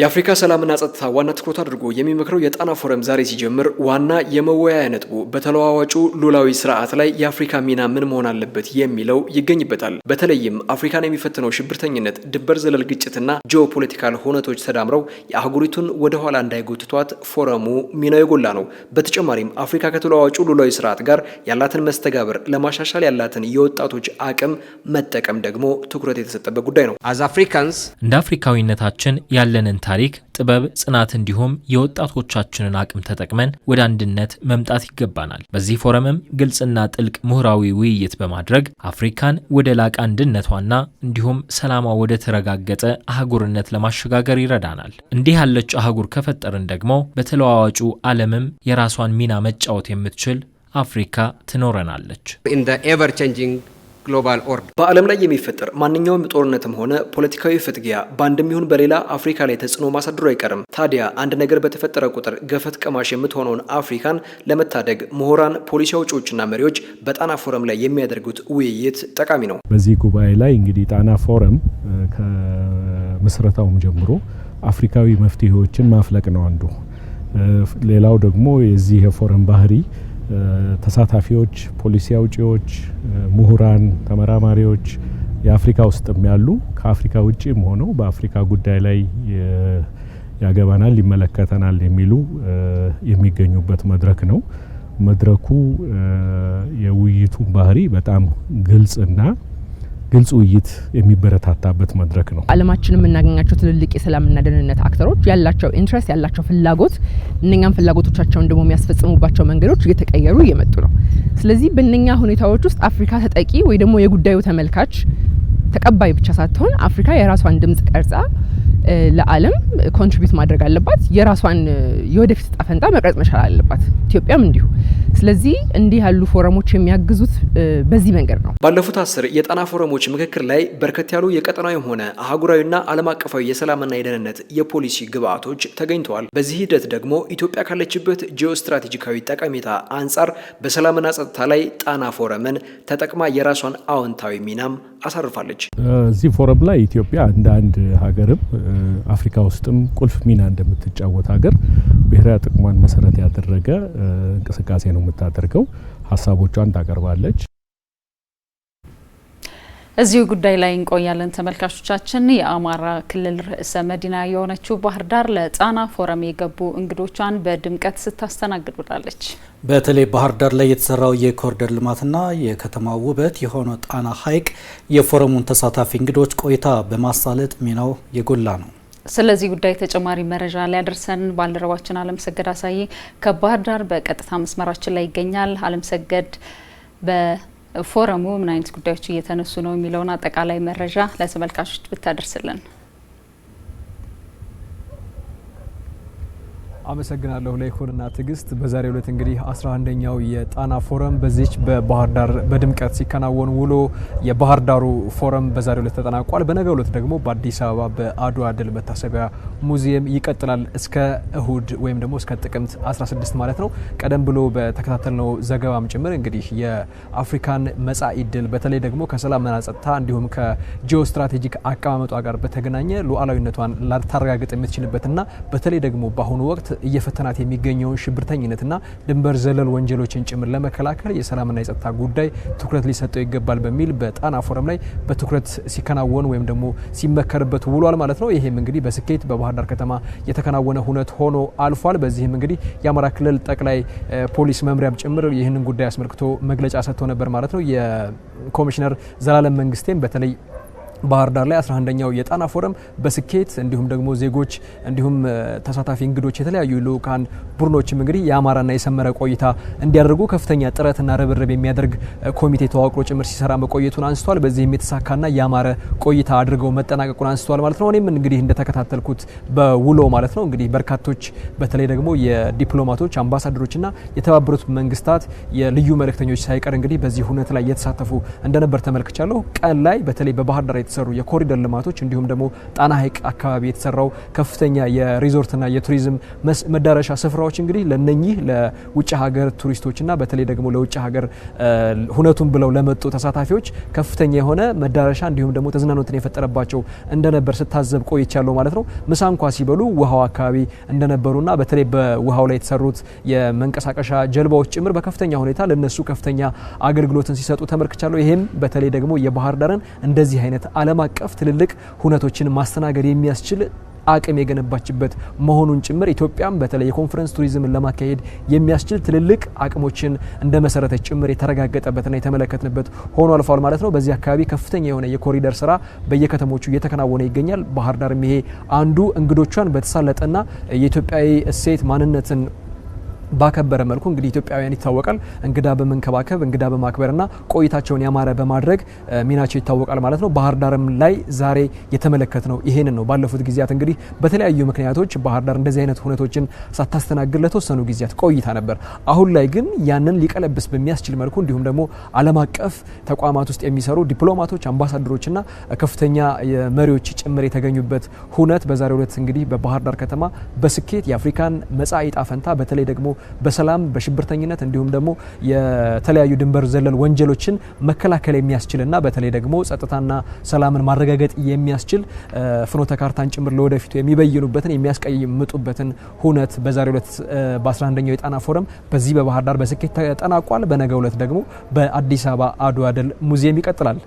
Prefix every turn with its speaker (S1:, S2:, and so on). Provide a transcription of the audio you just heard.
S1: የአፍሪካ ሰላምና ጸጥታ ዋና ትኩረት አድርጎ የሚመክረው የጣና ፎረም ዛሬ ሲጀምር ዋና የመወያያ ነጥቡ በተለዋዋጩ ሉላዊ ስርዓት ላይ የአፍሪካ ሚና ምን መሆን አለበት የሚለው ይገኝበታል። በተለይም አፍሪካን የሚፈትነው ሽብርተኝነት፣ ድንበር ዘለል ግጭትና ጂኦፖለቲካል ሁነቶች ተዳምረው የአህጉሪቱን ወደኋላ እንዳይጎትቷት ፎረሙ ሚናው የጎላ ነው። በተጨማሪም አፍሪካ ከተለዋዋጩ ሉላዊ ስርዓት ጋር ያላትን መስተጋብር ለማሻሻል ያላትን የወጣቶች አቅም መጠቀም ደግሞ ትኩረት የተሰጠበት ጉዳይ ነው።
S2: አዝ አፍሪካንስ እንደ አፍሪካዊነታችን ያለንን ታሪክ፣ ጥበብ፣ ጽናት እንዲሁም የወጣቶቻችንን አቅም ተጠቅመን ወደ አንድነት መምጣት ይገባናል። በዚህ ፎረምም ግልጽና ጥልቅ ምሁራዊ ውይይት በማድረግ አፍሪካን ወደ ላቀ አንድነቷና እንዲሁም ሰላሟ ወደ ተረጋገጠ አህጉርነት ለማሸጋገር ይረዳናል። እንዲህ ያለች አህጉር ከፈጠርን ደግሞ በተለዋዋጩ ዓለምም የራሷን ሚና መጫወት የምትችል አፍሪካ ትኖረናለች።
S3: ግሎባል ኦርደር በዓለም ላይ የሚፈጠር ማንኛውም ጦርነትም ሆነ ፖለቲካዊ ፍትጊያ በአንድም ይሁን በሌላ አፍሪካ ላይ ተጽዕኖ ማሳደሩ አይቀርም። ታዲያ አንድ ነገር በተፈጠረ ቁጥር ገፈት ቀማሽ የምትሆነውን አፍሪካን ለመታደግ ምሁራን፣ ፖሊሲ አውጪዎችና መሪዎች በጣና ፎረም ላይ የሚያደርጉት ውይይት ጠቃሚ ነው።
S4: በዚህ ጉባኤ ላይ እንግዲህ ጣና ፎረም ከምስረታውም ጀምሮ አፍሪካዊ መፍትሄዎችን ማፍለቅ ነው አንዱ። ሌላው ደግሞ የዚህ የፎረም ባህሪ ተሳታፊዎች፣ ፖሊሲ አውጪዎች፣ ምሁራን፣ ተመራማሪዎች የአፍሪካ ውስጥም ያሉ ከአፍሪካ ውጭም ሆነው በአፍሪካ ጉዳይ ላይ ያገባናል፣ ይመለከተናል የሚሉ የሚገኙበት መድረክ ነው። መድረኩ የውይይቱን ባህሪ በጣም ግልጽና ግልጽ ውይይት የሚበረታታበት መድረክ ነው።
S5: አለማችን የምናገኛቸው ትልልቅ የሰላምና ደህንነት አክተሮች ያላቸው ኢንትረስት ያላቸው ፍላጎት እነኛም ፍላጎቶቻቸውን ደግሞ የሚያስፈጽሙባቸው መንገዶች እየተቀየሩ እየመጡ ነው። ስለዚህ በእነኛ ሁኔታዎች ውስጥ አፍሪካ ተጠቂ ወይ ደግሞ የጉዳዩ ተመልካች ተቀባይ ብቻ ሳትሆን አፍሪካ የራሷን ድምጽ ቀርጻ ለዓለም ኮንትሪቢዩት ማድረግ አለባት። የራሷን የወደፊት እጣ ፈንታ መቅረጽ መቻል አለባት። ኢትዮጵያም እንዲሁ ስለዚህ እንዲህ ያሉ ፎረሞች የሚያግዙት በዚህ መንገድ ነው።
S3: ባለፉት አስር የጣና ፎረሞች ምክክር ላይ በርከት ያሉ የቀጠናዊም ሆነ አህጉራዊና ዓለም አቀፋዊ የሰላምና የደህንነት የፖሊሲ ግብዓቶች ተገኝተዋል። በዚህ ሂደት ደግሞ ኢትዮጵያ ካለችበት ጂኦስትራቴጂካዊ ጠቀሜታ አንጻር በሰላምና ጸጥታ ላይ ጣና ፎረምን ተጠቅማ የራሷን አዎንታዊ ሚናም አሳርፋለች።
S4: እዚህ ፎረም ላይ ኢትዮጵያ እንደ አንድ ሀገርም አፍሪካ ውስጥም ቁልፍ ሚና እንደምትጫወት ሀገር ብሔራዊ ጥቅሟን መሰረት ያደረገ እንቅስቃሴ ነው የምታደርገው። ሀሳቦቿን ታቀርባለች።
S6: እዚሁ ጉዳይ ላይ እንቆያለን ተመልካቾቻችን። የአማራ ክልል ርዕሰ መዲና የሆነችው ባህር ዳር ለጣና ፎረም የገቡ እንግዶቿን በድምቀት ስታስተናግድ ውላለች።
S7: በተለይ ባህር ዳር ላይ የተሰራው የኮሪደር ልማትና የከተማ ውበት የሆነው ጣና ሐይቅ የፎረሙን ተሳታፊ እንግዶች ቆይታ በማሳለጥ ሚናው የጎላ ነው።
S6: ስለዚህ ጉዳይ ተጨማሪ መረጃ ሊያደርሰን ባልደረባችን አለም ሰገድ አሳይ ከባህር ዳር በቀጥታ መስመራችን ላይ ይገኛል። አለም ሰገድ በፎረሙ ምን አይነት ጉዳዮች እየተነሱ ነው የሚለውን አጠቃላይ መረጃ ለተመልካቾች ብታደርስልን።
S8: አመሰግናለሁ ለይኩንና ትግስት በዛሬው ዕለት እንግዲህ 11ኛው የጣና ፎረም በዚች በባህር ዳር በድምቀት ሲከናወን ውሎ የባህር ዳሩ ፎረም በዛሬው ዕለት ተጠናቋል። በነገው ዕለት ደግሞ በአዲስ አበባ በአድዋ ድል መታሰቢያ ሙዚየም ይቀጥላል እስከ እሁድ ወይም ደግሞ እስከ ጥቅምት 16 ማለት ነው። ቀደም ብሎ በተከታተልነው ዘገባም ጭምር እንግዲህ የአፍሪካን መጻኢ ድል በተለይ ደግሞ ከሰላምና ጸጥታ እንዲሁም ከጂኦ ስትራቴጂክ አቀማመጧ ጋር በተገናኘ ሉዓላዊነቷን ላታረጋግጥ የምትችልበትና በተለይ ደግሞ በአሁኑ ወቅት እየፈተናት የሚገኘውን ሽብርተኝነትና ድንበር ዘለል ወንጀሎችን ጭምር ለመከላከል የሰላምና የጸጥታ ጉዳይ ትኩረት ሊሰጠው ይገባል በሚል በጣና ፎረም ላይ በትኩረት ሲከናወን ወይም ደግሞ ሲመከርበት ውሏል ማለት ነው። ይህም እንግዲህ በስኬት በባህር ዳር ከተማ የተከናወነ ሁነት ሆኖ አልፏል። በዚህም እንግዲህ የአማራ ክልል ጠቅላይ ፖሊስ መምሪያም ጭምር ይህንን ጉዳይ አስመልክቶ መግለጫ ሰጥቶ ነበር ማለት ነው። የኮሚሽነር ዘላለም መንግስቴም በተለይ ባህር ዳር ላይ 11ኛው የጣና ፎረም በስኬት እንዲሁም ደግሞ ዜጎች እንዲሁም ተሳታፊ እንግዶች የተለያዩ ልኡካን ቡድኖችም እንግዲህ የአማራና የሰመረ ቆይታ እንዲያደርጉ ከፍተኛ ጥረትና ርብርብ የሚያደርግ ኮሚቴ ተዋቅሮ ጭምር ሲሰራ መቆየቱን አንስቷል። በዚህም የተሳካና የአማረ ቆይታ አድርገው መጠናቀቁን አንስቷል ማለት ነው። እኔም እንግዲህ እንደተከታተልኩት በውሎ ማለት ነው እንግዲህ በርካቶች በተለይ ደግሞ የዲፕሎማቶች አምባሳደሮችና የተባበሩት መንግስታት የልዩ መልእክተኞች ሳይቀር እንግዲህ በዚህ ሁነት ላይ እየተሳተፉ እንደነበር ተመልክቻለሁ። ቀን ላይ በተለይ በባህር ዳር የተሰሩ የኮሪደር ልማቶች እንዲሁም ደግሞ ጣና ሐይቅ አካባቢ የተሰራው ከፍተኛ የሪዞርትና የቱሪዝም መዳረሻ ስፍራዎች እንግዲህ ለነኚህ ለውጭ ሀገር ቱሪስቶችና በተለይ ደግሞ ለውጭ ሀገር ሁነቱን ብለው ለመጡ ተሳታፊዎች ከፍተኛ የሆነ መዳረሻ እንዲሁም ደግሞ ተዝናኖትን የፈጠረባቸው እንደነበር ስታዘብ ቆይቻለሁ ማለት ነው። ምሳ እንኳ ሲበሉ ውሃው አካባቢ እንደነበሩና በተለይ በውሃው ላይ የተሰሩት የመንቀሳቀሻ ጀልባዎች ጭምር በከፍተኛ ሁኔታ ለነሱ ከፍተኛ አገልግሎትን ሲሰጡ ተመልክቻለሁ። ይህም በተለይ ደግሞ የባህር ዳርን እንደዚህ አይነት ዓለም አቀፍ ትልልቅ ሁነቶችን ማስተናገድ የሚያስችል አቅም የገነባችበት መሆኑን ጭምር ኢትዮጵያም በተለይ የኮንፈረንስ ቱሪዝምን ለማካሄድ የሚያስችል ትልልቅ አቅሞችን እንደ መሰረተች ጭምር የተረጋገጠበትና የተመለከትንበት ሆኖ አልፏል ማለት ነው። በዚህ አካባቢ ከፍተኛ የሆነ የኮሪደር ስራ በየከተሞቹ እየተከናወነ ይገኛል። ባህር ዳርም ይሄ አንዱ እንግዶቿን በተሳለጠና የኢትዮጵያዊ እሴት ማንነትን ባከበረ መልኩ እንግዲህ ኢትዮጵያውያን ይታወቃል። እንግዳ በመንከባከብ እንግዳ በማክበርና ቆይታቸውን ያማረ በማድረግ ሚናቸው ይታወቃል ማለት ነው። ባህር ዳርም ላይ ዛሬ የተመለከት ነው ይሄንን ነው። ባለፉት ጊዜያት እንግዲህ በተለያዩ ምክንያቶች ባህር ዳር እንደዚህ አይነት ሁነቶችን ሳታስተናግድ ለተወሰኑ ጊዜያት ቆይታ ነበር። አሁን ላይ ግን ያንን ሊቀለብስ በሚያስችል መልኩ እንዲሁም ደግሞ ዓለም አቀፍ ተቋማት ውስጥ የሚሰሩ ዲፕሎማቶች፣ አምባሳደሮችና ከፍተኛ መሪዎች ጭምር የተገኙበት ሁነት በዛሬው ዕለት እንግዲህ በባህር ዳር ከተማ በስኬት የአፍሪካን መጻኢ ዕጣ ፈንታ በተለይ ደግሞ በሰላም በሽብርተኝነት እንዲሁም ደግሞ የተለያዩ ድንበር ዘለል ወንጀሎችን መከላከል የሚያስችልና በተለይ ደግሞ ጸጥታና ሰላምን ማረጋገጥ የሚያስችል ፍኖተ ካርታን ጭምር ለወደፊቱ የሚበይኑበትን የሚያስቀምጡበትን ሁነት በዛሬ ሁለት በ11ኛው የጣና ፎረም በዚህ በባህር ዳር በስኬት ተጠናቋል። በነገ ሁለት ደግሞ በአዲስ አበባ አድዋ ድል ሙዚየም ይቀጥላል።